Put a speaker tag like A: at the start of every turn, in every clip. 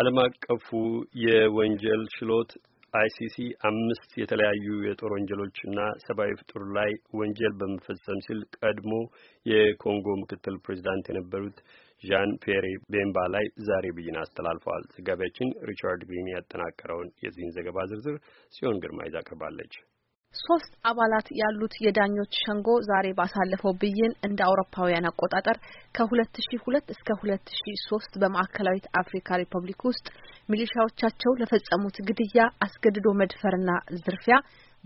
A: ዓለም አቀፉ የወንጀል ችሎት አይሲሲ አምስት የተለያዩ የጦር ወንጀሎችና ሰብአዊ ፍጡር ላይ ወንጀል በመፈጸም ሲል ቀድሞ የኮንጎ ምክትል ፕሬዚዳንት የነበሩት ዣን ፔሬ ቤምባ ላይ ዛሬ ብይን አስተላልፈዋል። ዘጋቢያችን ሪቻርድ ግሪን ያጠናቀረውን የዚህን ዘገባ ዝርዝር ጽዮን ግርማ ይዛ ቀርባለች።
B: ሶስት አባላት ያሉት የዳኞች ሸንጎ ዛሬ ባሳለፈው ብይን እንደ አውሮፓውያን አቆጣጠር ከ2002 እስከ 2003 በማዕከላዊት አፍሪካ ሪፐብሊክ ውስጥ ሚሊሻዎቻቸው ለፈጸሙት ግድያ፣ አስገድዶ መድፈርና ዝርፊያ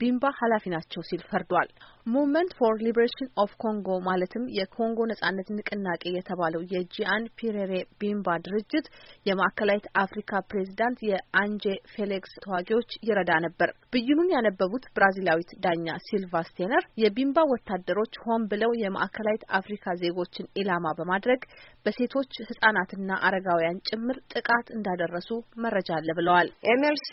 B: ቢምባ ኃላፊ ናቸው ሲል ፈርዷል። ሙቭመንት ፎር ሊበሬሽን ኦፍ ኮንጎ ማለትም የኮንጎ ነጻነት ንቅናቄ የተባለው የጂአን ፒሬሬ ቢምባ ድርጅት የማዕከላዊት አፍሪካ ፕሬዚዳንት የአንጄ ፌሌክስ ተዋጊዎች ይረዳ ነበር። ብይኑን ያነበቡት ብራዚላዊት ዳኛ ሲልቫ ስቴነር የቢምባ ወታደሮች ሆን ብለው የማዕከላዊት አፍሪካ ዜጎችን ኢላማ በማድረግ በሴቶች ህጻናትና አረጋውያን ጭምር ጥቃት እንዳደረሱ መረጃ አለ ብለዋል። ኤምኤልሲ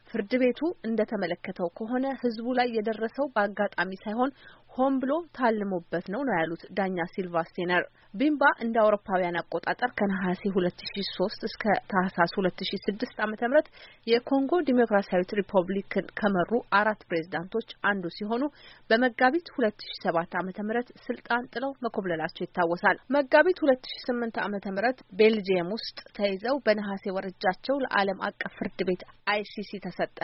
B: ፍርድ ቤቱ እንደተመለከተው ከሆነ ህዝቡ ላይ የደረሰው በአጋጣሚ ሳይሆን ሆን ብሎ ታልሞበት ነው ነው ያሉት ዳኛ ሲልቫ ስቴነር። ቢምባ እንደ አውሮፓውያን አቆጣጠር ከነሐሴ 2003 እስከ ታህሳስ 2006 ም የኮንጎ ዲሞክራሲያዊት ሪፐብሊክን ከመሩ አራት ፕሬዝዳንቶች አንዱ ሲሆኑ በመጋቢት 2007 .ም ስልጣን ጥለው መኮብለላቸው ይታወሳል። መጋቢት 2008 ዓ.ም ቤልጂየም ውስጥ ተይዘው በነሐሴ ወር እጃቸው ለዓለም አቀፍ ፍርድ ቤት አይሲሲ ተሰ ሰጠ።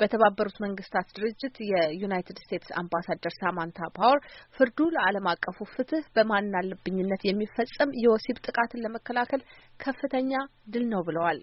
B: በተባበሩት መንግስታት ድርጅት የዩናይትድ ስቴትስ አምባሳደር ሳማንታ ፓወር ፍርዱ ለዓለም አቀፉ ፍትህ በማናለብኝነት የሚፈጸም የወሲብ ጥቃትን ለመከላከል ከፍተኛ ድል ነው ብለዋል።